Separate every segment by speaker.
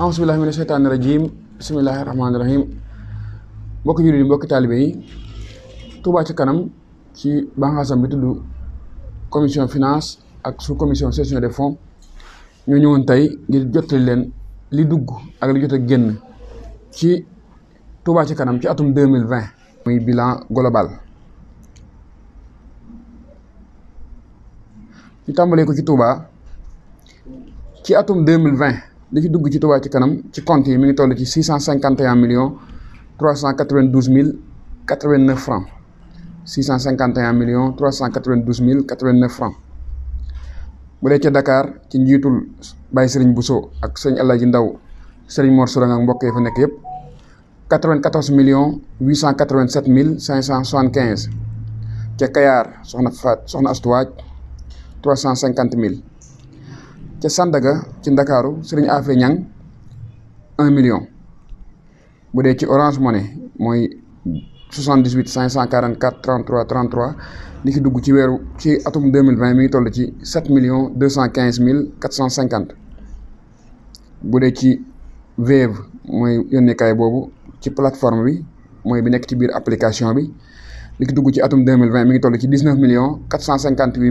Speaker 1: amasbillahi mina sheytaani rajim bismillahi rahmaani rahim mbokki jullit yi mbokki taalibe yi Touba ci kanam ci banxaasam bi tudd commission finance ak sous commission gestion des fonds ñoo ñëwoon tey ngir jottali leen li dugg ak li jot génn ci Touba ci kanam ci atum deux mille vingt muy bilan global ñu tàmbalee ko ci Touba ci atum deux mille vingt li fi dugg ci Touba ci kanam ci compte yi mi ngi toll ci six cent cinquante et un millions trois cent quatre vingt douze mille quatre vingt neuf francs six cent cinquante et un millions trois cent quatre vingt douze mille quatre vingt francs bu dee ca Dakar ci njiitul Baye Serigne Bousso ak sëñ El Hadji Ndaw Serigne Mor Sourang ak mbokk yi fa nekk yëpp quatre vingt quatorze huit cent quatre vingt sept mille cinq cent soixante quinze ca Kayar soxna Fat soxna Astuwaaj trois cent cinquante mille ca Sandaga ci Ndakaaru Serigne Afé Niang un million bu dee ci Orange Money mooy soixante dix huit cinq cent quarante quatre trente trois trente trois li ci dugg ci weeru ci atum deux mille vingt mi ngi toll ci sept millions deux cent quinze mille quatre cent cinquante bu dee ci Wave mooy yónneekaay boobu ci plateforme bi mooy bi nekk ci biir application bi li ci dugg ci atum deux mille vingt mi ngi toll ci dix neuf millions quatre cent cinquante huit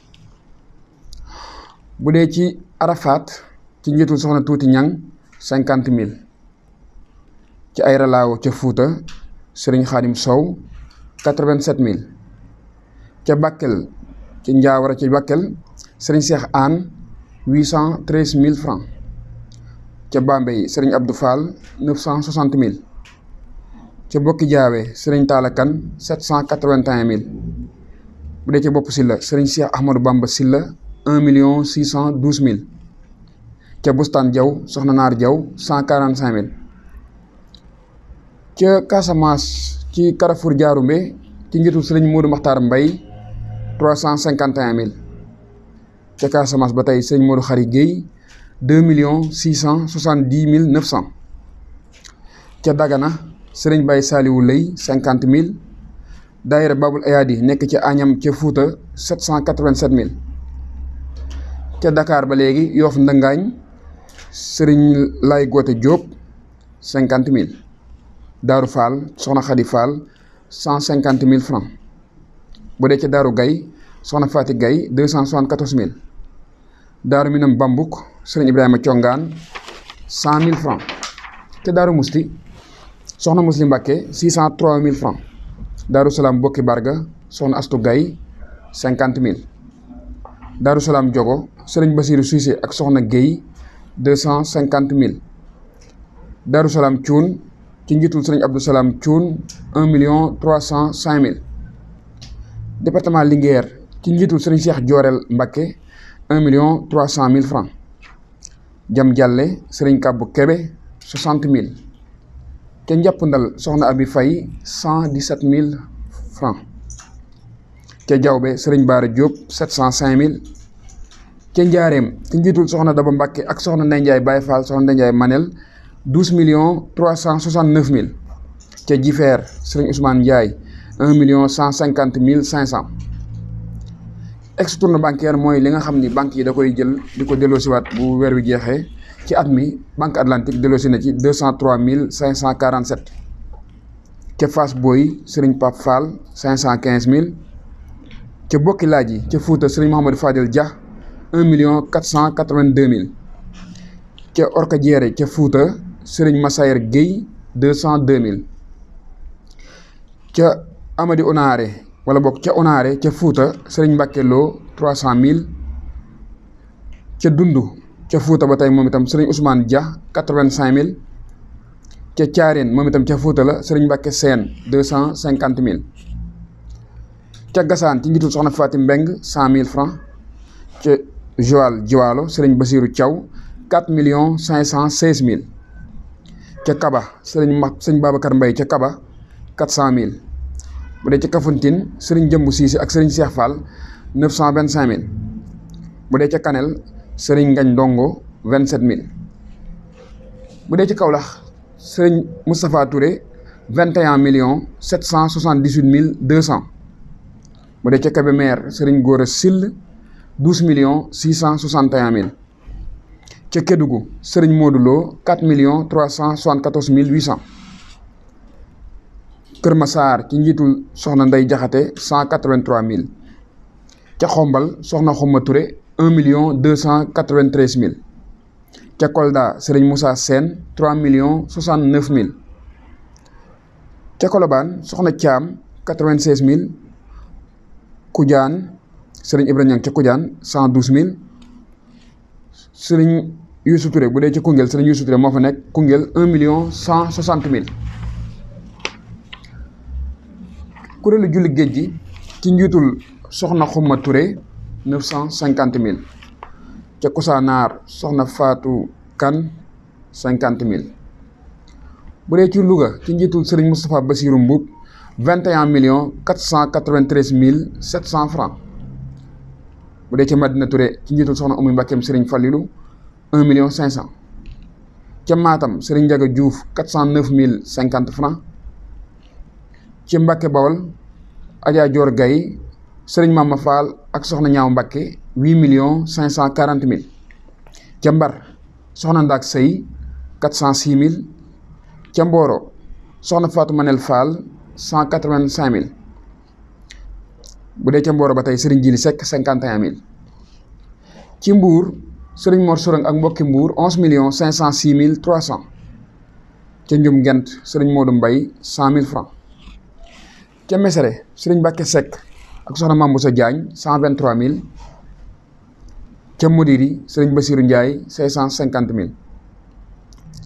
Speaker 1: bu dee ci Arafat ci njiitul soxna tuuti ñang cinquante mille ci ay relaaw ca Fuuta Sëriñ Xaadim Sow quatre vingt mille ca Bakel ci Njaawara ci Bakel Sëriñ Seex Aan huit cent treize mille francs ca Bambey Sëriñ Abdou Fall neuf cent soixante mille ca Bokki Jaawe Sëriñ Taala Kan sept cent quatre-vingt-un mille bu dee ca Bopp Silla Sëriñ Seex Ahmadou Bamba Silla un million six cent douze mille ca Bustaan Jaw Soxna Naar Jaw cent quarante cinq mille ca Casamance ci Carrefour Diaroumbe ci njiitu Sëriñ Modou Makhtar Mbaye trois cent cinquante et mille ca Casamance ba tey Sëriñ Modou xari Guèye deux million six cent soixante dix mille neuf cent ca Dagana Sëriñ Baye Saliou Lay cinquante mille daayira Babul Ayadi nekk ca Agnam ca Fouta sept cent quatre vingt sept mille ca dakaar ba léegi Yoff Ndangaañ Serigne Lay Gote Diop cinquante mille Daaru Fall Soxna Xadi Fall cent cinquante mille francs bu dee ca Daaru Gay Soxna Fati Gay deux cent soixante-quatorze mille Daaru Minam Bambuk Serigne Ibrahima Congaan cent mille francs ca Daaru Musti Soxna Muslim Mbàkke six cent trois mille francs Daaru Salaam Bokki Barga Soxna Astu Gay cinquante mille Daaru Salaam Jogo Serigne Bassirou Cissé ak Soxna Guèye deux cent cinquante mille Darou Salaam Thioune ci njiitul Serigne Abdou Salaam Thioune un million trois cent cinq mille département Linguère ci njiitul Serigne Cheikh Diorel Mbacké un million trois cent mille francs Jam jàlle Serigne Kabou Kébé soixante mille ca Njàppandal Soxna Abi fay cent dix-sept mille francs ca Diawbe Serigne Bara Diop sept cent cinq mille ca njaareem ci njiitul soxna Daba Mbàkke ak soxna Ndey Njaay Baye Fall soxna Ndey Njaay Manel douze millions trois cent soixante neuf mille ca Jifeer sëriñ Ousmane Ndiaye un million cent cinquante mille cinq cent extourne bancaire mooy li nga xam ni banque yi da koy jël di ko delloosiwaat bu weer wi jeexee ci at mi banque atlantique delloosi na ci deux cent trois mille cinq cent quarante sept ca Fass Boy sëriñ Pape Fall cinq cent quinze mille ca Bokki Laaji ca Fuuta sëriñ Mouhamadou Fadel Dia un million quatre cent quatre vingt deux mille ca Orkadiéré ca Fuuta Serigne Massayer Guèye deux cent deux mille ca Amady Onaare wala bokk ca Onaare ca Fuuta Serigne Mbacke Lo trois cent mille ca Dundu ca Fuuta ba tey moom itam Serigne Ousmane Dia quatre vingt cinq mille ca Thiarène moom itam ca Fuuta la Serigne Mbacke Sène deux cent cinquante mille ca Gassane ci njiitul soxna Fatim Mbeng cent mille francs ca Joal Jiwaalo Serigne Basirou caw quatre million cinq cent seize mille ca Kaba Serigne Ma Serigne Babacar Mbaye ca Kaba quatre cent mille bu dee ca Kafountine Serigne jëmb Cissé ak Serigne seex Fall neuf cent vingt cinq mille bu dee ca Kanel Serigne Ngagne Ndongo vingt sept mille bu dee ca Kaolack Serigne Moustapha Touré vingt et un millions cent soixante dix huit mille deux cent mu dee ca Kébémer Serigne Gora Sill douze millions six cent soixante mille ca Kédougou Serigne Modou Lo quatre millions cent soixante quatorze mille huit cent Kër Massar ci njiitul soxna Ndey Jaxate cent quatre vingt trois mille ca Xombal soxna Xuma Touré un million deux cent quatre vingt treize mille ca Kolda Serigne Moussa Sène trois millions soixante neuf mille ca Colobane soxna Thiam quatre vingt seize mille Koudiane sëriñ Ibrahima Niang ca Kujaan cent douze mille sëriñ Youssou Touré bu dee ci Koungheul sëriñ Youssou Touré moo fa nekk Koungheul un million cent soixante mille kuréelu julli géej gi ci njiitul soxna Xuma Touré neuf cent cinquante mille ca Kousanaar soxna faatu Kane cinquante mille bu dee ci Louga ci njiitul sëriñ Moustapha Bassirou Mbuub vingt et un millions quatre cent quatre-vingt-treize mille sept cent francs bu dee ca Madina Touré ci njiitul soxna Oumy Mbakkeem Serigne Fallilou un million cinq cent ca Matam Serigne Ndiaga Diouf quatre cent neuf mille cinquante francs ci Mbacke Bawol Adja Dior Gaye Serigne Mama ak soxna Ñaaw Mbacke huit millions cinq cent quarante mille ca Mbar soxna Ndaak Sey quatre cent six mille ca Mboro soxna Fatou Manel Fall cent quatre vingt cinq mille bu dee ca Mboro ba tey Serigne Jili Seck cinquante un mille ci Mbour Serigne Mor Sorang ak mbokki Mbour onze million cinq cent six mille trois cent ca Njum Gent Serigne cent mille francs ca Mesere Serigne Bakke Seck ak soxna cent vingt mille ca Modiri Serigne Bassirou cinq cent cinquante mille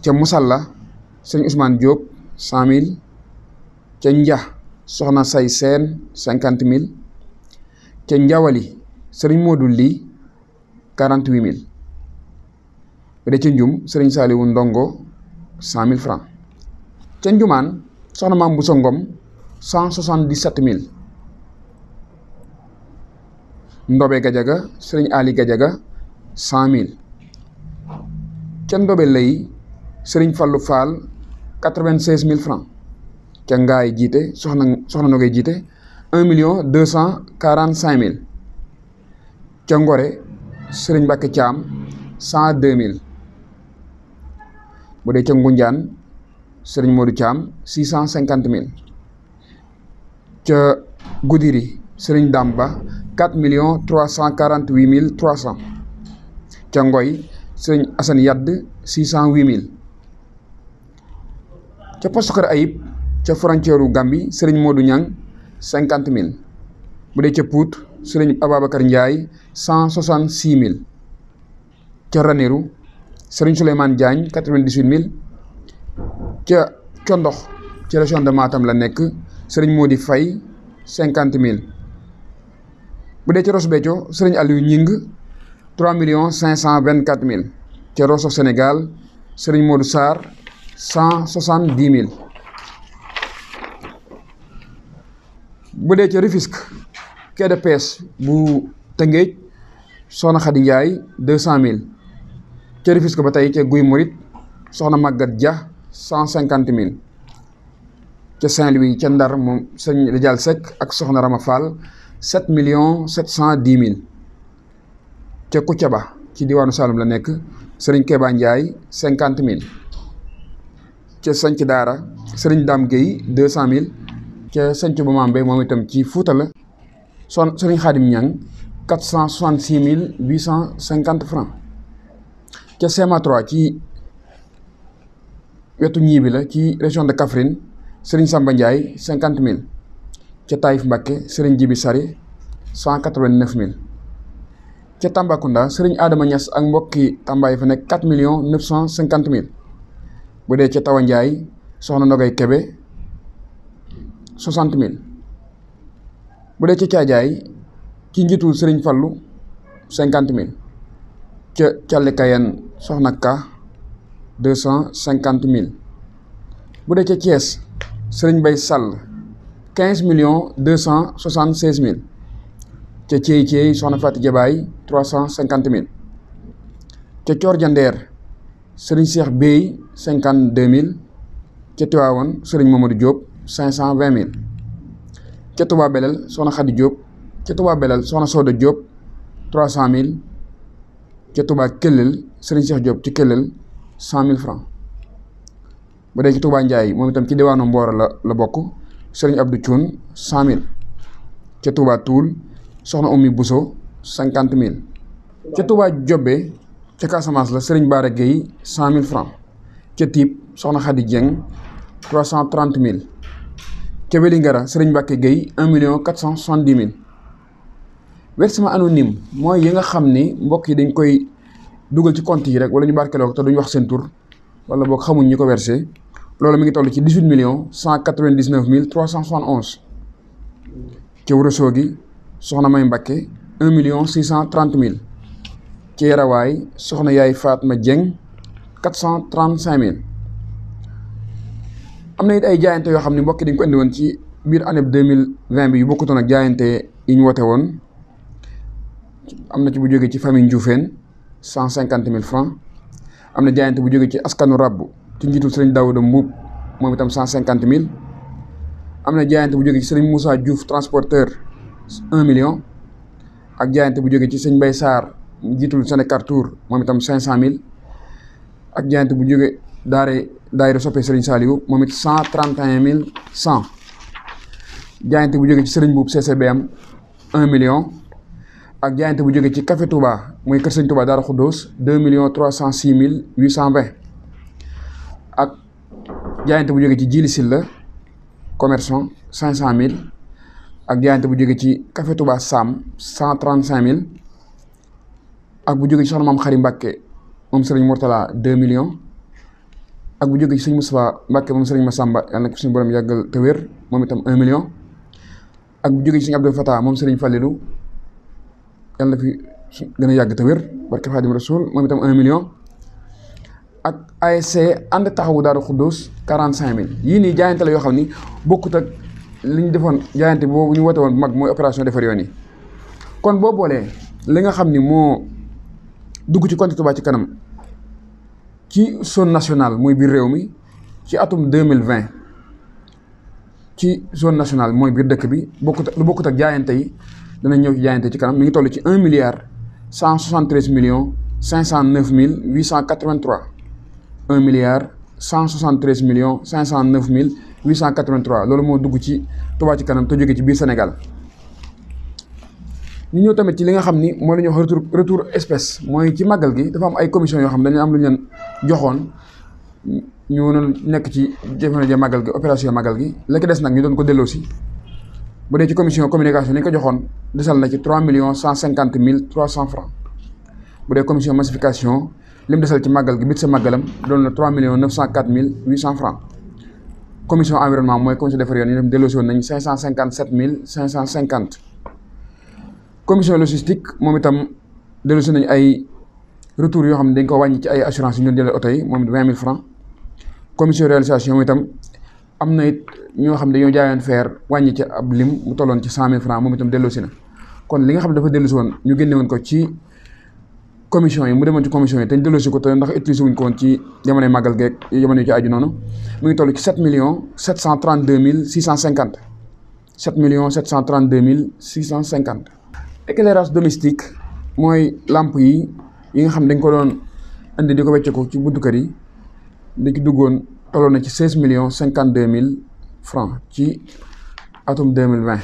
Speaker 1: ca Musalla Serigne Ousmane Diop cent mille ca Njax soxna Say Seen cinquante mille ca Njawali sëriñ Modou Ly quarante huit mille bu dee ca Njum sëriñ Saliou Ndongo cent mille francs ca Njumaan soxna maam Bousso Ngom cent soixante dix sept mille Ndobe Gajaga sëriñ Ali Gajaga cent mille ca Ndobe Lay sëriñ Fallou Fall quatre vingt seize mille francs ca Ngaay jiite soxna soxna jiite. un million deux cent quarante cinq mille ca Ngore Serigne Mbacké Thiam cent deux mille moo dee ca Ngunjaan Serigne Modou Thiam six cent cinquante mille ca Goudiri Serigne Damba quatre million trois cent quarante huit mille trois cent ca Ngoy Serigne Assane Yadd six cent huit mille ca poste Kër Ayib ca frontière u Gambie Serigne Modou Niang cinquante mille bu dee ca Pout sëriñ Ababacar Ndiaye cent soixante six mille ca Ranérou sëriñ Souleymane Diagne quatre vingt dix huit mille ca Condox ci région de Matam la nekk sëriñ Mody Faye cinquante mille bu dee ca Ross Béthio sëriñ Aliou Ñing trois millions cinq cent vingt quatre mille ca Rosso Sénégal sëriñ Modou Sarr cent soixante dix mille. bu dee ca Rufisque quai de bu Tëngéej soxna Khady Ndiaye deux cent mille ca Rufisque ba tey ca Guy Murit soxna Maguette ja cent cinquante mille ca Saint-Louis ca Ndar moom sëñ Rijaal Seck ak soxna Rama Fall sept millions cent dix mille ca Koutiaba ci diwaanu Saloum la nekk sëriñ Keba Ndiaye cinquante mille ca Sanc Daara sëriñ Dame Guèye deux cent mille ca sanc bu Mambey moom itam ci Fuuta la son Sëriñ Xaadim Ñang quatre cent soixante six mille huit cent cinquante francs ca CMA 3 ci wetu ñii bi la ci région de Kaffrine Sëriñ Samba Ndiaye cinquante mille ca Taïf Mbakke Sëriñ Jibi Sari cent quatre vingt neuf mille ca Tambacounda Sëriñ Adama Niass ak mbokki Tamba yi fa nekk quatre millions neuf cent cinquante mille bu dee ca Tawa Ndiaye soxna Nogay Kebe soixante mille bu dee ci caajaay ci njiitul sëriñ fallu cinquante mille ca càlli soxna ka deux cent cinquante mille bu dee ca Thiès sëriñ bay sàll quinze million deux cent soixante seize mille ca Thiey Thiey soxna Fatou Jabaay trois cent cinquante mille ca Coor Jandeer sëriñ Cheikh Bey cinquante deux mille ca Tiwaawan sëriñ Mamadou Diop cinq cent vingt mille ca Touba Belel soxna Khady Diop ca Touba Belel soxna Soda Diop trois cent mille ca Touba Kellel Serigne Cheikh Diop ci Kellel cent mille francs bu dee ci Touba Ndiaye moom itam ci diwaanu Mboro la la bokk Serigne Abdou Thioune cent mille ca Touba Toul soxna Oumy Bousso cinquante mille ca Touba Diobé ca Casamance la Serigne Bara Gueye cent mille francs ca Tiib soxna Khady Dieng trois cent trente mille ca Vélingara Serigne Mbacke Gueye un million quatre cent soixante dix mille versement anonyme mooy yi nga xam ni mbokk yi dañ koy dugal ci compte yi rek wala ñu barkeeloo te duñ wax seen tour wala boog xamuñ ñu ko versé loolu mi ngi toll ci dix huit millions cent quatre vingt dix neuf mille trois cent soixante onze ci Ourossogui gi soxna May Mbacke un million six cent trente mille ci Yarawaay soxna Yaay ma Dieng quatre cent trente cinq mille. am na it ay jaayante yoo xam ne mbokk dañ ko indi woon ci biir année deux mille vingt bi yu bokkutoon ak jaayante yi ñu wote woon am na ci bu jógee ci famille Ndioufène cent cinquante mille francs am na jaayante bu jógee ci askanu rabb ci njiitu sëriñ Daouda Mbuub moom itam cent cinquante mille am na jaayante bu jógee ci sëriñ Moussa Diouf transporteur un million ak jaayante bu jógee ci sëñ Mbaye Sarr njiitul Sénécartour moom itam cinq cent mille ak jaayante bu jógee daare daayira soppee sëriñ Saliou moom it cent trente un mille cent jaayante bu jógee ci sëriñ buub CCBM un million ak jaayante bu jógee ci Café Touba muy kër sëriñ Touba Daara Xuddoos deux million trois cent six mille huit cent vingt ak jaayante bu jógee ci Jili Silla commerçant cinq cent mille ak jaayante bu jógee ci Café Touba Sam cent trente cinq mille ak bu jógee ci soxna maam Xari Mbàkke moom sëriñ Mourtala deux million ak bu jógee ci sëñ Moustapha Mbacke moom sëriñ Massamba yàlla na ko suñu borom yàggal te moom itam un million ak bu jógee ci sëñ Abdou Fatah moom sëriñ Fallilou yàlla na fi gën a yàgg te wér barke Xaadim Rasul moom itam un million ak ay ASC ànd taxawu Daaru Xuddus quarante cinq mille yii nii jaayante la yoo xam ni bokkut ak li ñu defoon jaayante boobu ñu woote woon bu mag mooy opération defar yoon yi kon boo boolee li nga xam ni moo dugg ci compte Touba ci kanam ci zone nationale mooy biir réew mi ci atum deux mille vingt ci zone nationale mooy biir dëkk bi bokkut lu bokkut ak jaayante yi danañ ñëw ci jaayante ci kanam mi ngi toll ci un milliard cent soixante treize millions cinq cent neuf mille huit cent quatre vingt trois un milliard cent soixante treize millions cinq cent neuf mille huit cent quatre vingt trois loolu moo dugg ci Touba ci kanam te jóge ci biir Sénégal. ñu ñëw tamit ci li nga xam ni moo la ñuy retour espèce mooy ci màggal gi dafa am ay commission yoo xam dañu am lu ñu leen joxoon ñu doon nekk ci jafe-jafe màggal gi opération màggal gi la ki des nag ñu doon ko delloo si bu dee ci commission communication ni ñu desal ci trois millions cent cinquante mille trois cent francs bu dee commission massification lim desal ci màggal gi bit sa màggalam doon na trois millions neuf cent quatre mille huit cent cent cinquante sept mille cinq cent cinquante commission logistique moom itam dellusi nañu ay retour yoo xam ne dañ ko wàññi ci ay assurance ñu jëlee oto yi moom it vingt mille francs commission réalisation moom itam am na it ñoo xam ne dañoo jaayoon feer wàññi ci ab lim mu tolloon ci cent mille francs moom itam delloosi na kon li nga xam ne dafa dellusi woon ñu génne woon ko ci commission yi mu demoon ci commission yi te ñu delloosi ko te ndax utilisé wuñ ko woon ci jamonoy màggal geeg jamono yi ci aju noonu mu ngi toll ci sept millions éclairage domestique mooy làmp yi yi nga xam dañ ko doon indi di ko wecce ci buntu kër yi di ci duggoon tolloon na ci seize millions cinquante deux mille francs ci atum deux mille vingt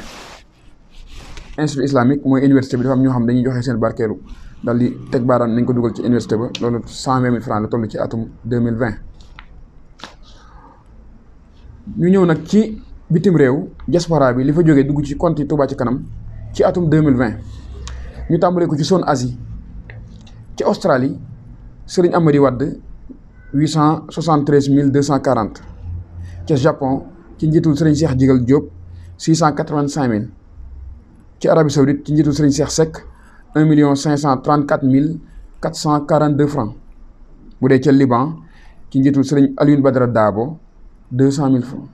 Speaker 1: institut islamique mooy université bi dafa am ñoo xam dañuy joxe seen barkeelu daal di teg baaraam nañ ko dugal ci université ba loolu cent vingt mille ci atum deux mille vingt ñu ñëw nag ci bitim réew diaspora bi li fa jógee dugg ci compte yi Touba ci kanam ci atum deux mille vingt ñu tàmbalee ko ci zone Asie ci Australie sëriñ Amady Wade huit cent soixante treize mille deux cent quarante ca Japon ci njiitul Serigne Cheikh Jigal Diop six cent quatre vingt cinq mille ci Arabie Saoudite ci njiitul Serigne Cheikh Seck un million cinq cent trente quatre mille quatre cent quarante deux francs bu dee ca Liban ci njiitul Serigne aline Badara Daabo deux cent mille francs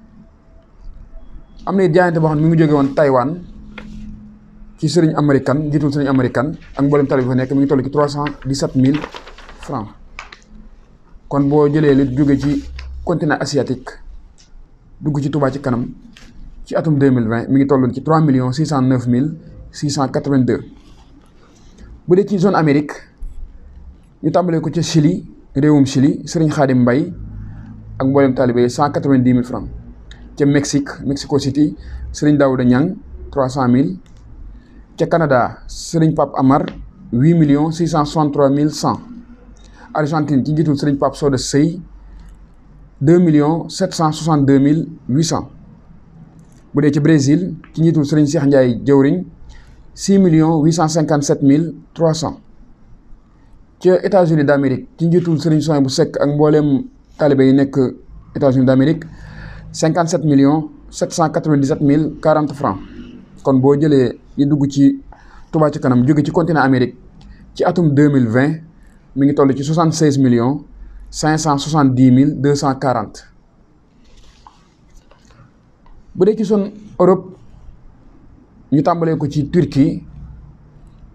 Speaker 1: am na jaayante boo xam ne mi ngi jóge woon taywaan ci sëriñ américain njiitul sëriñ américain ak mboolem tali bi fa nekk mi ngi toll ci trois cent dix-sept mille francs kon boo jëlee li jóge ci continent asiatique dugg ci Touba ci kanam ci atum deux mille vingt mi ngi tolloon ci trois millions six cent neuf mille six cent quatre bu dee ci zone Amérique ñu tàmbalee ko ca Chili réewum Chili sëriñ Xaadim Mbay ak mboolem taalibe yi cent quatre-vingt-dix mille francs ca Mexique Mexico City sëriñ Daouda Ñang trois cent mille ca Canada Serigne Pape Amar huit millions six cent soixante trois mille cent Argentine ci njiitul Serigne Pape Soda Sey deux millions sept cent soixante deux mille huit cent bu dee ci Brésil ci njiitul Serigne Cheikh Ndiaye jëwriñ six millions huit cent cinquante sept mille trois cent ca États-Unis d'Amérique ci njiitul Serigne Soin bu Seck ak mbooleem taalibe yi nekk États-Unis d'Amérique cinquante sept millions sept cent quatre vingt dix sept mille quarante francs kon boo jëlee li dugg ci Touba ci kanam jóge ci continent Amérique ci atum deux mille vingt mi ngi toll ci soixante seize millions cinq cent soixante dix mille deux cent quarante. bu dee ci son Europe ñu tàmbalee ko ci Turquie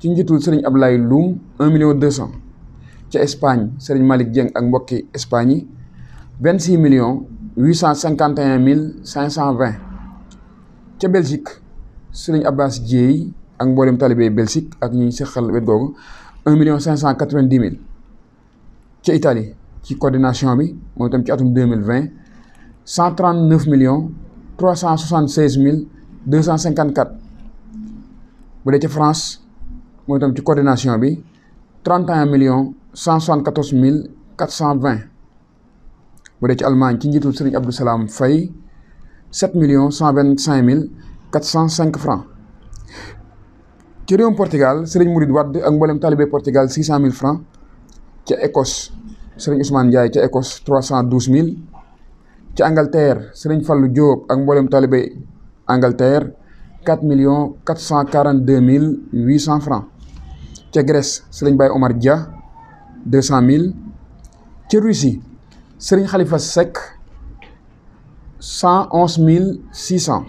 Speaker 1: ci njiitul Serigne Ablaye Loum un million deux cent ca Espagne Serigne Malick Dieng ak mbokki Espagne yi vingt six millions huit cent cinquante et un mille cinq cent vingt ca Belgique. Serigne Abbas Dieye ak mboolem talibé Belgique ak ñi seqal wet googu un million cinq cent quatre vingt dix mille ca Italie ci coordination bi moom itam ci atum deux mille vingt cent trente neuf millions trois cent soixante seize mille deux cent cinquante quatre bu dee ca France moom itam ci coordination bi trente et un millions cent soixante quatorze mille quatre cent vingt bu dee ci Allemagne ci njiitu Serigne Abdou Salam Faye sept millions cent vingt cinq mille quatre cent cinq francs ci réewum Portugal Serigne Mouride Wade ak mboolem talibé Portugal six cent mille francs ca Écosse Serigne Ousmane Ndiaye ca Écosse trois cent douze mille ca Angleterre Serigne Fallou Diop ak mboolem talibé Angleterre quatre million quatre cent quarante deux mille huit cent francs ca Grèce Serigne Baye Omar Dia deux cent mille ca Russie Serigne Khalifa Seck cent onze mille six cent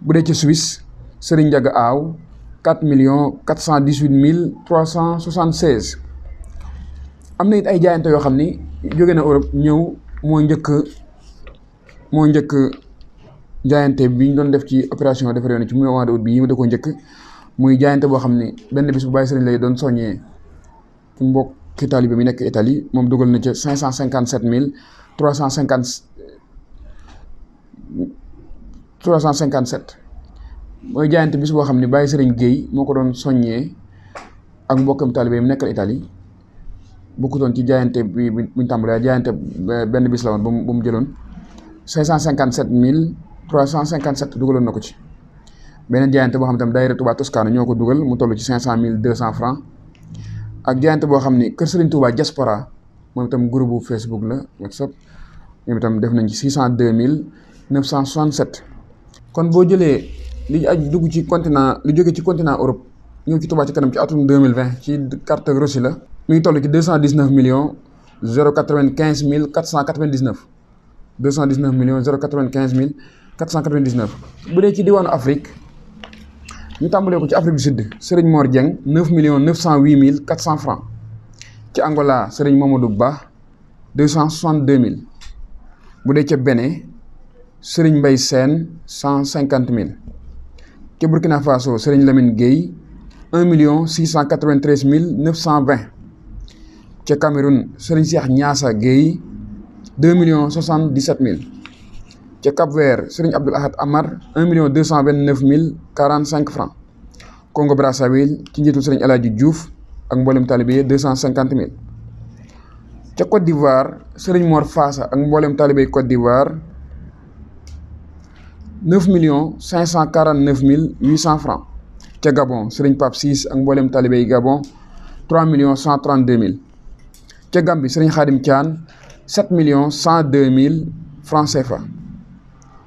Speaker 1: bu dee ci Suisse Serigne Ndiaga Aw quatre million quatre cent dix huit mille trois cent soixante seize am na it ay jaayante yoo xam ni jóge na Europe ñëw moo njëkk moo njëkk jaayante bi ñu doon def ci opération defar yoon ci muy mois bi bii da koo njëkk muy jaayante boo xam ni benn bis bu bàyyi Serigne lay doon soññee ci ki taalibe bi nekk itali moom dugal na ca cinq cent cinquante sept mille trois cent cinquante cent 357 mooy jaayante bis boo xam ne Baye Serigne géey moo ko doon soññee ak mbokkam taalibe yi mu nekkal Italie bokkutoon ci jaayante bi buñ tàmbalee jaayante benn bis la woon bu mu bu mu jëloon 557 mille 357 dugaloon na ko ci. beneen jaayante boo xam ne tam daayira Touba Toscana ñoo ko dugal mu toll ci 500 mille 200 francs ak jaayante boo xam ne Kër Serigne Touba Diaspora moom itam groupe bu Facebook la WhatsApp ñoom itam def nañ ci 602 mille 967. kon boo jëlee li aj dugg ci continent lu jóge ci continent Europe ñëw ci Touba ci kanam ci atum deux mille vingt ci carte Rossi la mi ngi toll ci deux cent dix neuf millions zéro quatre vingt quinze mille quatre cent quatre vingt dix neuf deux cent dix neuf millions zéro quatre vingt quinze mille quatre cent quatre bu dee ci diwaanu Afrique ñu tàmbalee ko ci Afrique du Sud Serigne Mor Dieng million millions neuf cent huit mille quatre cent francs ci Angola Serigne Mamadou Ba deux cent soixante mille bu dee ca Bénin Serigne mbay Sène cent cinquante mille ci Burkina Faso Serigne Lamine Gueye un million six cent quatre vingt mille neuf cent vingt ca Cameroun Serigne Cheikh Niassa Gueye deux millions soixante-dix-sept mille ca Cap-Vert Serigne Abdoul Ahad Amar million deux cent vingt-neuf mille quarante-cinq francs Congo Brazzaville ci njiitul Serigne El Hadji Diouf ak mboolem taalibe deux cent cinquante mille ca Côte d'Ivoire Serigne Mor Faassa ak mboolem taalibe Côte d'Ivoire neuf millions cinq cent quarante neuf mille huit cent francs ca Gabon Serigne Pape Ciss ak mboolem talibé yi Gabon trois millions cent trente deux mille ca Gambie Serigne Khadim Thian sept millions cent deux mille francs CFA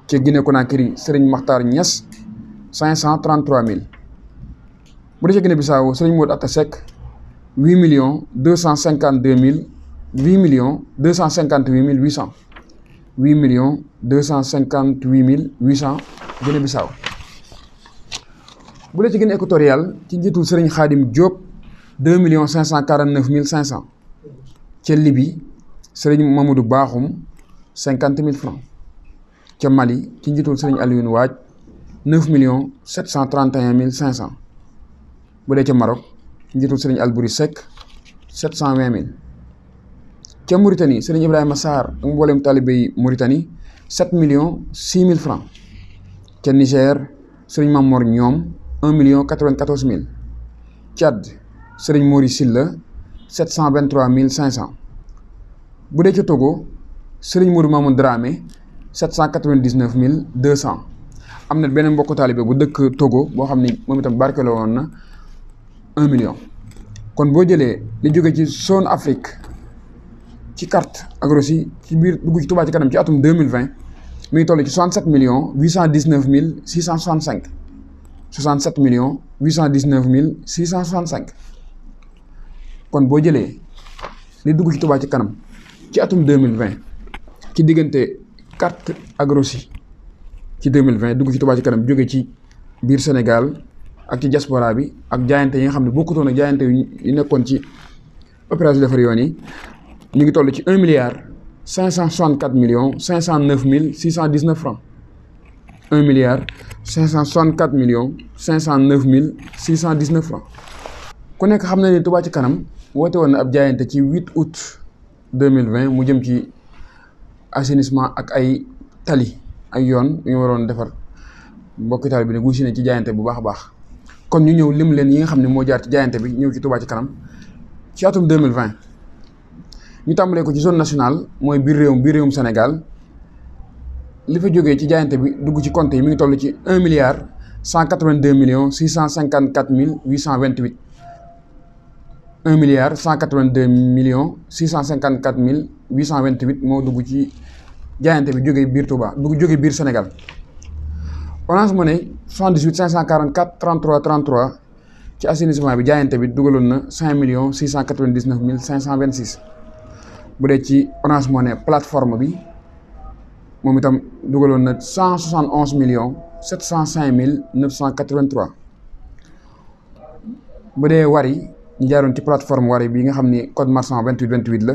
Speaker 1: ca Guinée Conakry Serigne Makhtar Niass cinq cent trente trois mille bu dee ca Guinée Bissau Serigne Modou Atta Seck huit millions deux cent cinquante deux mille huit millions deux cent cinquante huit mille huit cent huit millions deux cent cinquante huit mille huit cent Guinée Bissau bu la ci Guinée équatoriale ci njiitul Serigne Khadim Diop deux million cinq cent quarante neuf mille cinq cent ca Libye Serigne Mamadou Bakhoum cinquante mille francs ca Mali ci njiitul Serigne Alioune Waaj neuf million sept cent trente un mille cinq cent bu dee ca Maroc ci njiitul Serigne Albouri Seck sept cent vingt mille ca Mauritanie Serigne Ibrahima Sarr ak mboolem taalibe yi Mauritanie sept millions six mille francs ca Niger Serigne Mamor ñoom un million quatre-vingt-quatorze mille Tchad Serigne Mori Silla sept cent mille cinq cent bu dee ca Togo Serigne Modou Mamoun Dramé sept mille deux cent am na beneen mbokku taalibe bu dëkk Togo boo xam ni moom itam barkeeloo woon na million kon boo jëlee li jóge ci zone Afrique ci carte Agrossi ci biir dugg ci Touba ci kanam ci atum deux mille vingt mi ngi toll ci soixante sept millions huit cent dix neuf mille six cent soixante cinq soixante sept millions cent dix neuf mille six cent soixante cinq kon boo jëlee li dugg ci Touba ci kanam ci atum deux mille vingt ci diggante carte Agrossi ci deux mille vingt dugg ci Touba ci kanam jóge ci biir Sénégal ak ci diaspora bi ak jaayante yi nga xam ne bokkutoon ak jaayante yu nekkoon ci opération defar yoon yi. ñu ngi toll ci un milliard cinq cent soixante quatre million cinq cent neuf mille six cent dix neuf francs un milliard cinq cent soixante quatre millions cinq cent neuf mille six cent dix neuf francs ku nekk xam na ni Touba ci kanam woote woon na ab jaayante ci huit août deux mille vingt mu jëm ci assainissement ak ay tali ay yoon yu ñu waroon defar mbokki taal bi ne guy si ci jaayante bu baax a baax kon ñu ñëw lim leen yi nga xam ne moo jaar ci jaayante bi ñëw ci Touba ci kanam ci deux mille vingt ñu tàmbalee ko ci zone nationale mooy biir réewum biir réewum Sénégal li fa jógee ci jaayante bi dugg ci compte yi mi ngi toll ci un milliard cent quatre-vingt-deux millions six cent cinquante-quatre mille huit cent vingt-huit un milliard cent quatre-vingt-deux millions six cent cinquante-quatre mille huit cent vingt-huit moo dugg ci jaayante bi jógee biir Touba dugg jógee biir Sénégal Orange Money 78 544 33 33 ci assainissement bi jaayante bi dugaloon na cinq millions six cent quatre-vingt-dix-neuf mille bu dee ci Orange Money plateforme bi moom itam dugaloon na cent soixante onze millions sept cent cinq mille neuf cent quatre vingt trois bu dee Wari ñu jaaroon ci plateforme Wari bi nga xam ni code marchand vingt huit vingt huit la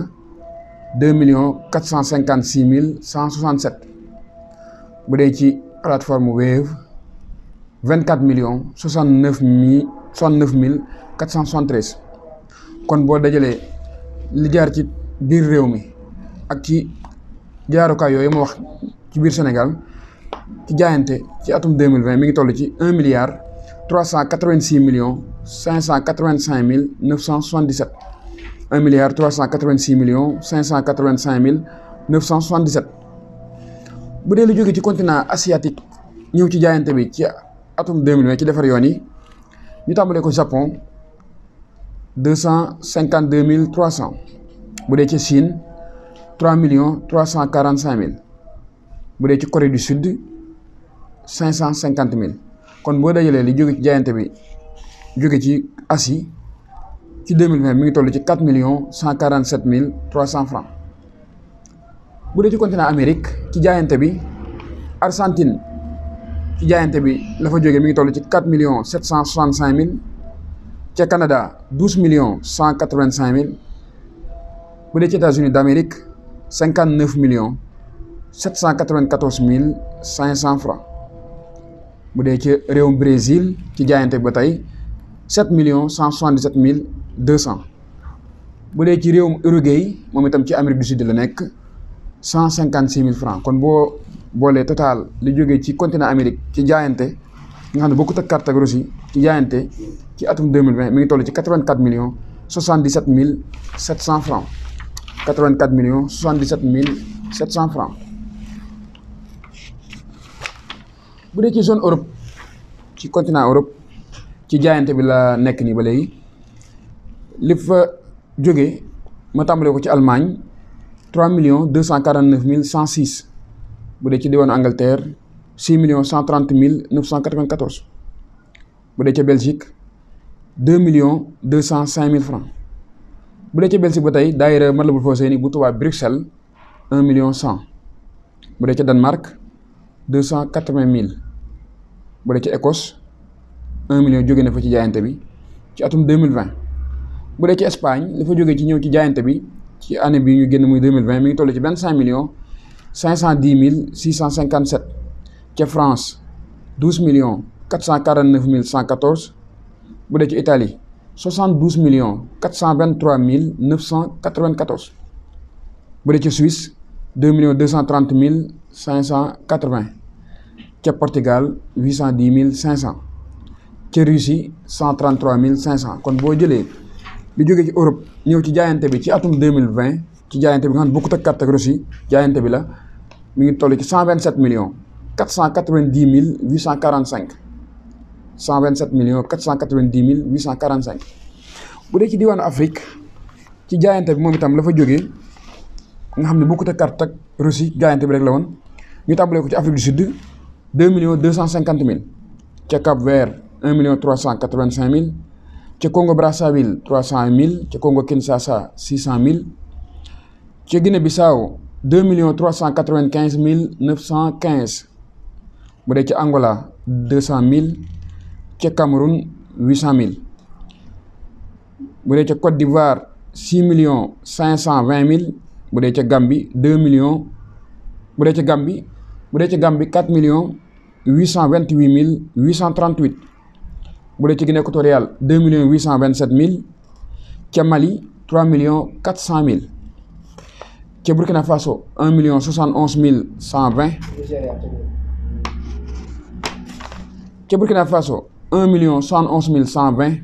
Speaker 1: deux millions quatre cent cinquante six mille cent soixante sept bu dee ci plateforme Wave vingt quatre millions soixante neuf mille soixante neuf mille quatre cent soixante treize kon boo dajalee li jaar ci biir réew mi ak ci jaarukaay yooyu ma wax ci biir Sénégal ci jaayante ci atum deux mille vingt mi ngi toll ci un milliard trois cent quatre vingt six millions cinq cent quatre vingt cinq mille neuf cent soixante dix sept cent quatre vingt six millions cinq cent quatre vingt cinq mille bu dee lu jógee ci continent asiatique ñëw ci jaayante bi ci atum deux mille vingt ci defar yoon yi ñu tàmbalee ko Japon deux cent cinquante deux mille trois cent bu dee ci Chine trois millions trois cent quarante cinq mille bu dee ci Corée du Sud cinq cent cinquante mille kon boo dajalee li jóge ci jaayante bi jóge ci Asie ci deux mille mi ngi toll ci quatre millions cent quarante sept mille trois cent francs bu dee ci continent Amérique ci jaayante bi Argentine ci jaayante bi la fa jóge mi ngi toll ci quatre millions sept cent soixante cinq mille ca Canada douze millions cent quatre vingt cinq bu dee ci États-Unis d'Amérique cinquante neuf millions million cent quatre vingt mille cinq cent francs bu dee ci réewum Brésil ci jaayante ba tey sept millions cent soixante mille deux cent bu dee ci réewum Uruguay moom itam ci Amérique du Sud la nekk cent cinquante six mille francs kon boo boolee total li jógee ci continent Amérique ci jaayante nga xam ne bokkut ak carte ak Russie ci jaayante ci atum deux mi ngi toll ci quatre vingt quatre millions soixante dix sept mille sept cent francs 84 millions 77 mille 700 francs bu dee ci zone Europe ci continent Europe ci jaayante bi la nekk nii ba léegi li fa jóge ma tàmbalee ko ci Allemagne 3 millions 249 mille 106 bu dee ci diwaanu Angleterre 6 millions 130 mille 994 bu dee ca Belgique 2 millions 205 mille francs bu dee ca Belgique ba tey daayira Matlaboul Fawzayni bu Touba Bruxelles un million cent bu dee ca Danemark deux cent quatre-vingt mille bu dee ca Écosse un million jóge na fa ci jaayante bi ci atum deux mille vingt bu dee ci Espagne li fa jóge ci ñëw ci jaayante bi ci année bi ñu génn muy deux mille vingt mi ngi toll ci vingt cinq millions cinq cent dix mille six cent cinquante sept ca France douze millions quatre cent quarante neuf mille cent quatorze bu dee ci Italie million 72 millions 423 mille 994 bu dee ca Suisse 2 cent 230 mille cinq 580 ca Portugal 810 mille 500 ca Russie 133 mille 500 kon boo jëlee lu jógee ci Europe ñëw ci jaayante bi ci atum 2020 ci jaayante bi nga xam ne bokkut ak kàtt ak Russie jaayante bi la mi ngi toll ci 127 millions 490 mille 845 cent vingt sept millions quatre cent quatre vingt dix mille huit cent quarante cinq bu dee ci diwaanu Afrique ci jaayante bi moom itam la fa jógee nga xam ne bokkut ak carte ak Russie jaayante bi rek la woon ñu tàmbalee ko ci Afrique du Sud deux millions deux cent cinquante mille ca Cap Vert un million cent quatre vingt cinq mille ca Congo Brazzaville trois cent mille ca Congo Kinshasa six cent mille ca Guinée Bissau deux millions trois cent quatre vingt quinze mille neuf cent quinze bu dee ci Angola deux cent mille ca Cameroun huit cent mille bu dee ca Côte d'Ivoire six million cinq cent vingt mille bu dee ca Gambie deux millions bu dee ca Gambie bu dee ca Gambie quatre million huit cent vingt huit mille huit cent trente huit bu dee ci Guinée équatoriale deux millions huit cent vingt sept mille ca Mali trois million quatre cent mille ca Burkina Faso un million soixante onze mille cent vingt ca Burkina Faso un million soixante onze mille cent vingt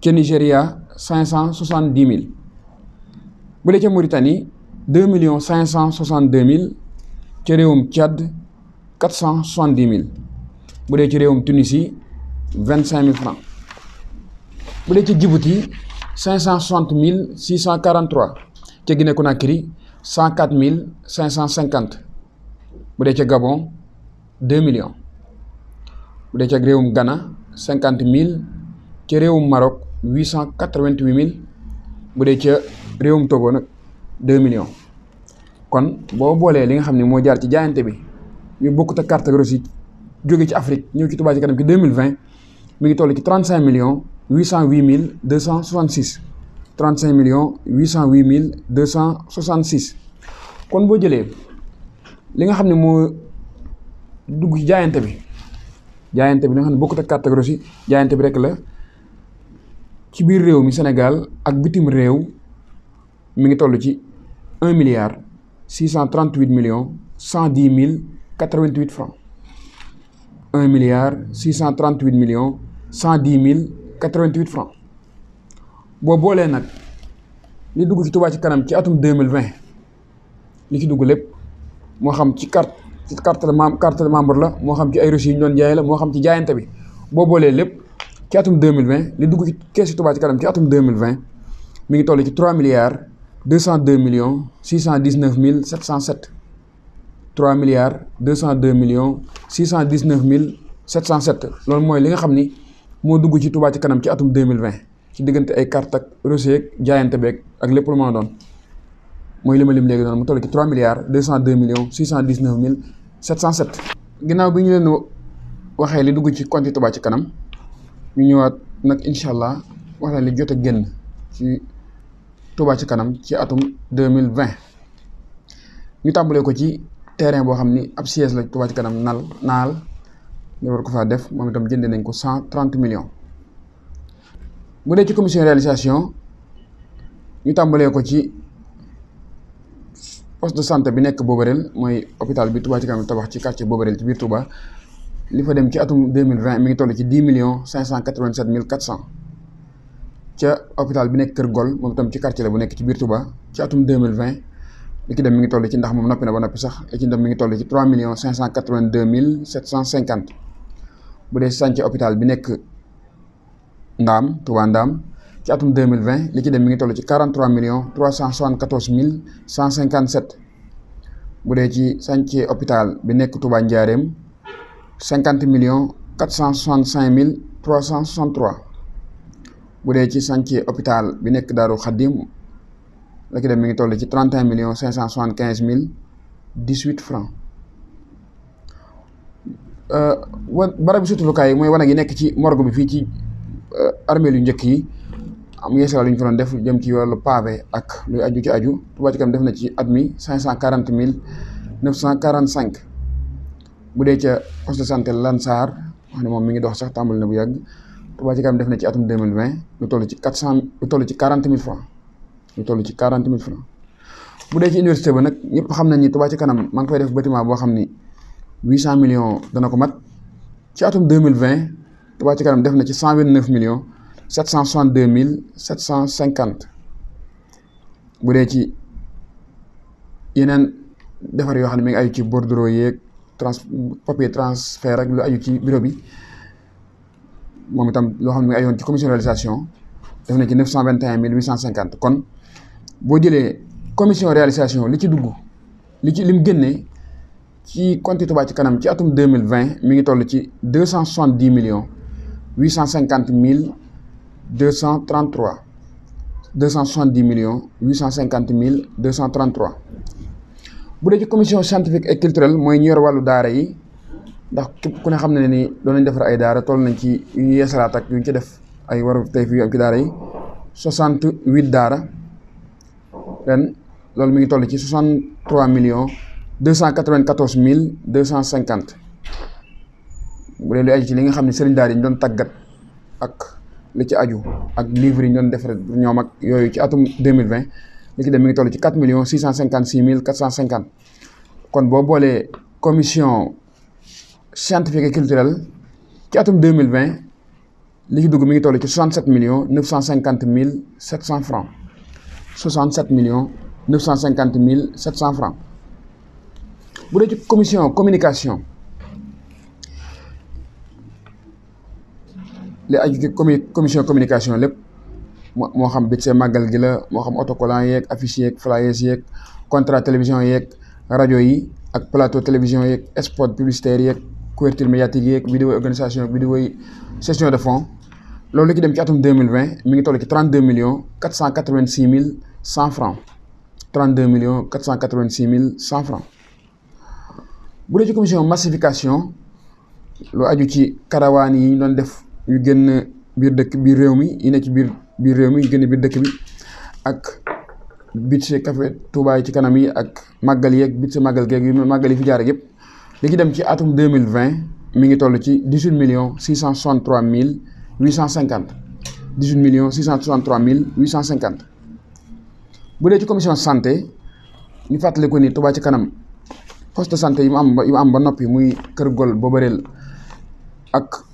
Speaker 1: ca Nigéria cinq cent soixante dix mille bu dee ca Mauritanie million cinq cent soixante deux mille ca réewum Tchad quatre cent soixante dix mille bu dee ci réewum Tunisie vingt cinq mille francs bu dee ci Djibouti cent soixante mille six cent quarante trois ca Guinée cent quatre mille cinq cent cinquante bu dee ca Gabon deux millions. bu dee ci ak réewum Ghana cinquante mille ci réewum Maroc huit cent quatre-vingt-huit mille bu dee ca réewum Togo nag deux millions kon boo boolee li nga xam ne moo jaar ci jaayante bi ñu bokkut ak carte grossi jóge ci Afrique ñëw ci Touba Ca Kanam ci mille vingt mi ngi toll ci trente cinq millions huit cent huit mille cent soixante six trente cinq millions huit mille deux cent soixante six kon boo jëlee li nga xam ne moo dugg ci jaayante bi. jaayante bi nga xam ne bokkut ak carte grosse jaayante bi rek la ci biir réew mi Sénégal ak bitim réew mi ngi toll ci un milliard six cent trente huit millions cent dix mille quatre vingt huit francs un milliard cent trente mille quatre boo boolee nag li dugg ci Touba ci kanam ci atum deux mille vingt li ci dugg lépp moo xam ci carte. carte de membre carte membre la moo xam ci ay reçus yu ñu doon jaay la moo xam ci jaayante bi boo boolee lépp ci atum deux mille vingt li dugg ci keesu Touba Ca Kanam ci atum deux mille vingt mi ngi toll ci trois milliards deux cent deux millions six cent dix neuf mille sept cent sept trois milliards deux cent deux millions six cent dix neuf mille sept cent sept loolu mooy li nga xam ni moo dugg ci Touba Ca Kanam ci atum deux mille vingt ci diggante ay carte ak reçus yeeg jaayante beeg ak lépp lu ma doon. mooy li ma lim léegi noonu mu toll ci trois milliards deux cent deux millions six cent mille 707. ginnaaw bi ñu leen waxee li dugg ci compte Touba ci kanam ñu ñëwaat nag incha allah wax la li jot a génn ci Touba ci kanam ci atum deux mille vingt ñu tàmbalee ko ci terrain boo xam ni ab siège la Touba ci kanam naal naal ñu war ko faa def moom itam jënd nañ ko cent trente millions. bu dee ci commission réalisation ñu tàmbalee ko ci. poste de santé bi nekk Boberel mooy hôpital bi Touba ci kanam tabax ci quartier Boberel ci biir Touba li fa dem ci atum deux mille vingt mi ngi toll ci dix millions cinq cent quatre vingt sept mille quatre cent. bi nekk Kër Gol moom itam ci quartier bu nekk ci biir Touba ci atum deux mille vingt li ki dem mi ngi toll ci ndax moom noppi na ba noppi sax li ci dem mi ngi toll ci trois millions cinq cent quatre vingt deux bu dee sànc hôpital bi nekk Ndaam Touba Ndaam. ci atum deux mille vingt li ci dem mi ngi toll ci quarante trois millions trois cent soixante quatorze mille cent cinquante sept bu dee ci sànce hôpital bi nekk Touba Njaareem cinquante millions quatre cent soixante cinq mille trois cent soixante bu dee ci sànce hôpital bi nekk Daaru Xaddim li ci dem mi ngi toll ci trente et un millions cinq cent soixante quinze mille dix huit francs euh, wa barab bi yi mooy wanag yi nekk ci morgo bi fii ci euh, armeel yu njëkk yi. am yeesal li ñu fa doon def jëm ci wàllu pavé ak luy aju ci aju Touba Ca Kanam def na ci at mi cinq cent quarante mille neuf cent quarante cinq bu dee ca poste de santé Lansar moom mi ngi dox sax na bu yàgg Touba Ca Kanam def ci atum deux mille vingt lu toll ci quatre cent toll ci quarante mille francs lu toll ci quarante mille francs bu dee ci université ba nag ñëpp xam nañ ni Touba Ca Kanam maa ngi fay def bâtiment boo xam ni huit cent millions dana ko mat ci atum deux mille vingt Touba Ca Kanam def na ci cent vingt neuf millions. cent 762 mille cent cinquante bu dee ci yeneen defar yoo xam ne mi ngi aju ci bordereau yeeg trans papier transfert rek lu aju ci bureau bi moom itam loo xam ne mi ngi ajoon ci commission réalisation def na ci cent 921 mille cinquante kon boo jëlee commission réalisation li ci dugg li ci li mu génnee ci compte Touba ci kanam ci atum mille vingt mi ngi toll ci million 270 millions cinquante mille. deux cent trente trois deux cent soixante dix millions huit cent cinquante mille deux cent trente trois bu dee ci commission scientifique et culturelle mooy ñu yor wàllu daara yi ndax képp ku ne xam ne ni doon nañ defar ay daara toll nañ ci yu ñu yeesalaat ak yu ñu ci def ay war tey fii am ci daara yi soixante huit daara ren loolu mi ngi toll ci soixante trois million deux cent quatre vingt quatorze mille deux cent cinquante bu dee lu aju ci li nga xam ne sëriñ daara yi ñu doon tàggat ak. li ci aju ak livre ñu doon defar ñoom ak yooyu ci atum 2020 li ci dem mi ngi toll ci 4 millions 656 mille 450 kon boo boolee commission scientifique et culturelle ci atum 2020 li ci dugg mi ngi toll ci 67 millions 950 mille 700 francs 67 millions cinquante mille cent francs bu dee ci commission communication li aju ci commu commission communication lépp moo xam bit see màggal gi la moo xam autocollant yeeg affiche yeeg flyers yeeg contrat télévision yeeg rajo yi ak plateau télévision yeeg spot publicitaire yeeg couverture médiatique yeeg vidéo organisation yeeg vidéo yi session de fonds loolu ki dem ci atum deux mille mi ngi toll ci trente deux millions quatre cent quatre vingt six mille cent francs trente deux millions quatre cent quatre vingt six mille cent francs bu dee ci commission massification lu aju ci karawaan yi ñu doon def. yu génn biir dëkk biir réew mi yi ne ci biir biir réew mi yu génn biir dëkk bi ak budget café Touba ci kanam yi ak màggal yeeg budget màggal geeg yu màggal yi fi jaar yëpp li ci dem ci atum deux mille vingt mi ngi toll ci dix huit millions six cent soixante trois mille huit cent cinquante dix huit millions six cent soixante trois mille huit cent cinquante bu dee ci commission santé ñu fàttaliku ni Touba ci kanam poste santé yi mu am ba yi mu am ba noppi muy kër gol boobareel ak.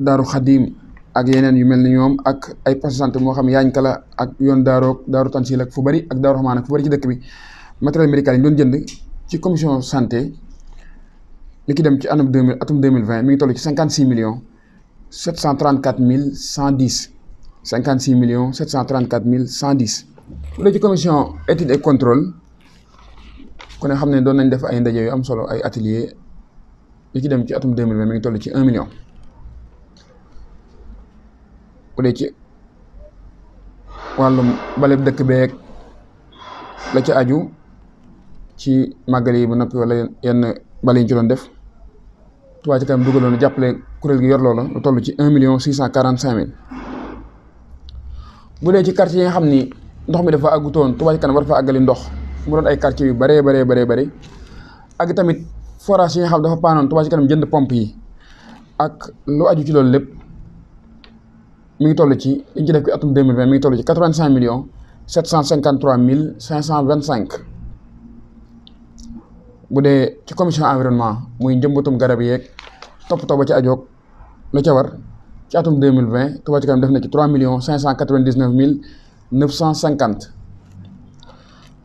Speaker 1: daaru xadim ak yeneen yu mel ni ñoom ak ay poste santé moo xam yaañ kala ak yoon daaroog daaru tansil ak fu bari ak daaru xamaan ak fu bari ci dëkk bi matériel médical yi doon jënd ci commission santé li ki dem ci anam deux mille atum deux mille vingt mi ngi toll ci cinquante six millions cent trente quatre mille cent dix cinquante six millions sept cent trente quatre mille cent dix bu commission étude et contrôle ku xam ne doon nañ def ay ndaje yu am solo ay atelier li ci dem ci atum deux mille vingt mi ngi toll ci un million bu dee ci wàllum baleb dëkk beeg la ci aju ci màggal yi ba noppi wala yenn bale yi ñu def Touba Ca Kanam dugaloon jàppale kuréel gi yor loola lu toll ci un million six cent quarante cinq mille bu dee ci quartier yi nga xam ni ndox mi dafa àggutoon Touba Ca Kanam war fa àggali ndox mu doon ay quartier yu baree baree baree bëri ak tamit forage yi nga xam dafa paanoon Touba Ca Kanam jënd pompe yi ak lu aju ci loolu lépp mu ngi toll ci liñ ci def ci atum 2020 mi ngi toll ci 85 millions 753 mille 525 bu dee ci commission environnement muy njëmbatum garab yeeg toppatoo ba ci ajoog la ca war ci atum 2020 Touba Ca Kanam def na ci 3 millions 599 mille 950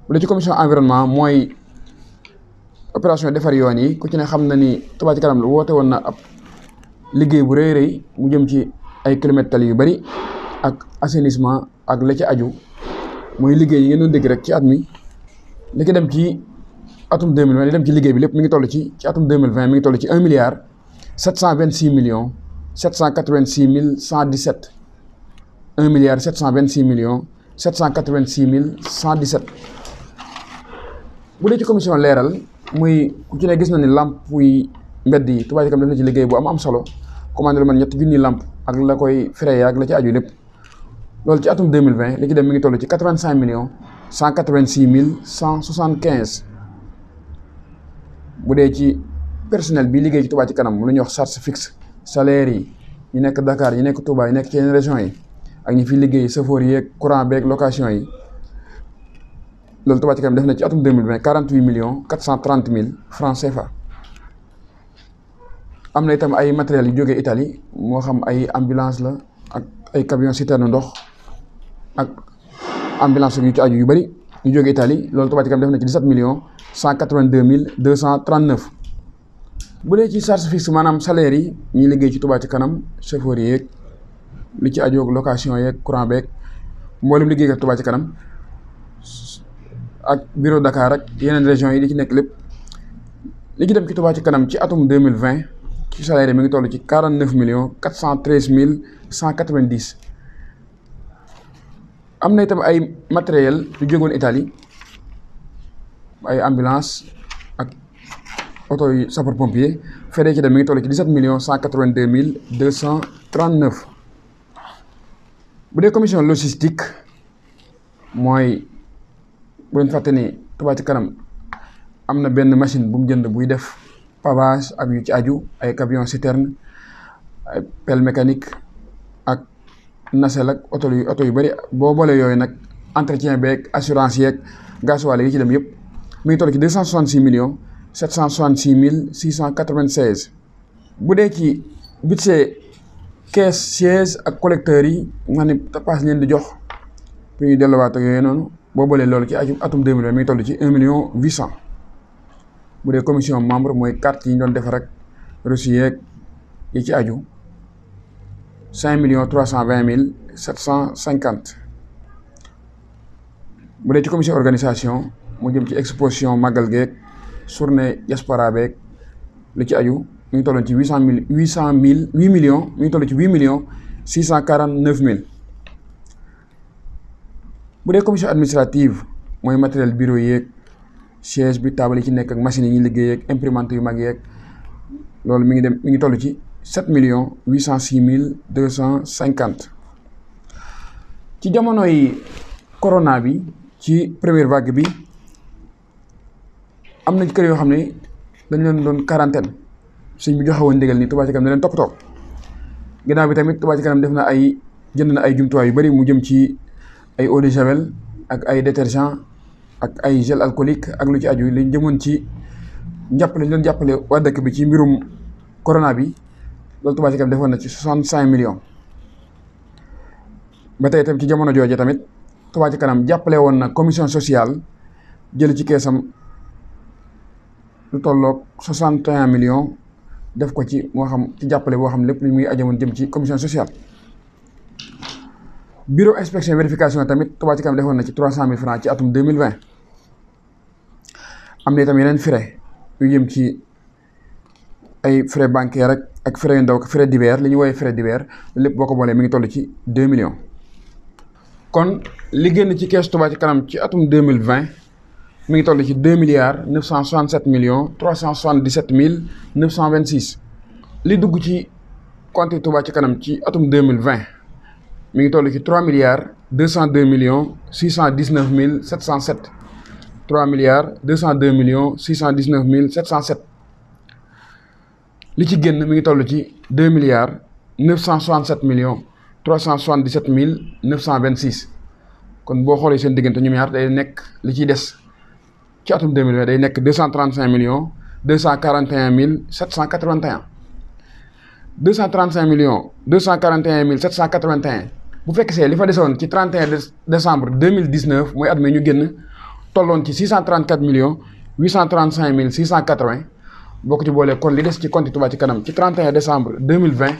Speaker 1: bu dee ci commission environnement mooy opération defar yoon yi ku ci ne xam na ni Touba Ca Kanam woote woon na ab liggéey bu rëy rëy mu jëm ci ay kilomètres tali yu bëri ak assainissement ak la ci aju mooy liggéey yi ngeen doon dégg rek ci at mi li ci dem ci atum 2020 li dem ci liggéey bi lépp mu ngi toll ci ci atum 2020 mi ngi toll ci un milliard sept cent vingt six mille cent dix sept un milliard sept cent vingt six millions sept mille cent dix sept bu dee ci commission leeral muy ku ci ne gis na ni làmp yi mbedd yi Touba Ca Kanam def na ci liggéey bu am am solo commandé lu man ñetti junni làmp ak la koy frais ak la ci aju lépp loolu ci atum 2020 li ci dem mi ngi toll ci 85 millions 186 mille 175 bu dee ci personnel bi liggéey ci Touba ci kanam ñuy wax charge fixe salaire yi ñu nekk Dakar ñu nekk Touba nekk ci yeneen région yi ak ñi fi liggéey safoor yeeg courant beeg yi loolu Touba ci kanam def na ci atum 2020 48 mille francs CFA am na itam ay matériels yu jógee Italie moo xam ay ambulance la ak ay camion citerne ndox ak ambulance yu ci aju yu bëri yu jógee Italie loolu Touba ci Kanam def na ci 17 millions 182 mille 239 bu dee ci charge fixe maanaam salaire yi ñuy liggéey ci Touba Ca Kanam chauffeur yeeg li ci aju location yeeg courant beeg mboolem liggéey Kanam ak bureau Dakar ak yeneen régions yi li ci nekk lépp li ci dem ci Touba ci Kanam ci atum 2020 ci salaire mi ngi toll ci quarante neuf millions quatre cent treize mille cent quatre vingt dix am na itam ay matériel yu jógoon Italie ay ambulance ak oto yu sapeur pompier fere ci dem mi ngi toll ci dix sept millions cent quatre vingt deux mille deux cent trente neuf bu dee commission logistique mooy bu leen fàtte ni Touba ci kanam am na benn machine bu mu jënd buy def. pavage ak yu ci aju ay camion citerne pel pelle mécanique ak nasel ak oto yu oto yu bëri boo boolee yooyu nag entretien beeg assurance yeeg gasoil yi ci dem yëpp mi ngi toll ci deux cent soixante six millions sept cent soixante six mille six cent quatre vingt bu dee ci budget caisse siège ak collecteurs yi nga ne paas leen di jox pour ñu delluwaat ak yooyu noonu boo boolee loolu ci atum deux mille mi ngi toll ci un million huit cent mu dee commission membre mooy carte yi ñu doon defar ak reçu yeeg yi ci aju cinq million trois cent vingt mille sept cent cinquante bu dee ci commission organisation mu jëm ci exposition màggal geeg journée diaspora li ci aju mu ngi ci huit cent mille huit cent mille huit millions mu ngi tolloon ci huit millions six cent quarante neuf mille bu dee commission administrative mooy matériel bureau yeeg chaise bi taabal yi ci nekk ak machine yi ñuy liggéey ak imprimante yu mag yeeg loolu mi ngi dem mi ngi toll ci sept millions huit cent six mille deux cent cinquante ci jamono yi corona bi ci première vague bi am nañ kër yoo xam ne dañ leen doon quarantaine suñ bi joxe woon ndigal ni Touba ne leen toppatoo ginnaaw bi tamit Touba def na ay jënd na ay jumtuwaay yu bari mu jëm ci ay eau de javel ak ay détergent ak ay gel alcoolique ak lu ci aju liñ jëmoon ci jàppale ñu doon jàppale waa dëkk bi ci mbirum corona bi loolu Touba ca kanam defoon na ci soixante cinq million ba tey tam ci jamono jooje tamit Touba kanam jàppale woon na commission sociale jël ci keesam lu tolloog soixante et un millions def ko xam ci boo xam lépp lu muy jëm ci commission sociale bureau inspection vérification tamit Touba ca kanam defoon na ci trois cent mille francs ci atum am na itam yeneen frais yu jëm ci ay frais bancaire rek ak frais yu ndaw frais divers li ñu woowee frais divers lépp boo ko boolee mi ngi toll ci deux millions. kon li génn ci kees Touba ci kanam ci atum deux mille vingt mu ngi toll ci deux milliards neuf cent soixante sept millions trois cent soixante dix sept mille neuf cent vingt li dugg ci compte Touba ci kanam ci atum deux mille vingt mu ngi toll ci trois milliards deux cent deux millions six cent dix neuf mille sept cent sept. 3 milliards 202 millions 619 mille 707 li ci génn mi ngi toll ci 2 milliards 967 millions 377 mille 926 kon boo xoolee seen diggante ñu ñaar day nekk li ciy des ci atum 2020 day nekk 235 millions 241 mille 781 235 millions 241 mille 781 bu fekk see li fa desoon ci 31 décembre 2019 mooy at mi ñu génn tolloon ci 634 millions 835 mille 680 boo ko ci boolee kon li des ci compte Touba ci kanam ci 31 décembre 2020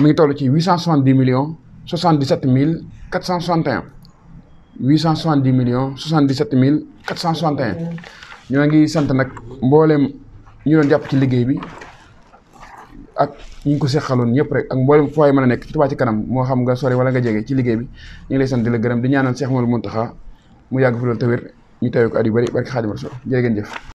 Speaker 1: mi ngi toll ci 870 millions 77 mille 461 870 millions 77 mille 461 ñoo ngi sant nag mboolem ñu doon jàpp ci liggéey bi ak ñu ngi ko seqaloon ñëpp rek ak mboolem fooy mën a nekk ci Touba ci kanam moo xam nga sori wala nga jege ci liggéey bi ñu ngi lay sant di la gërëm di ñaanal Cheikh Mouhamadou Mountakha mu yàgg fi loolu te wér ñu teewe ko at yu bëri barki Xaadimu Rasuul jërë ngeen jëf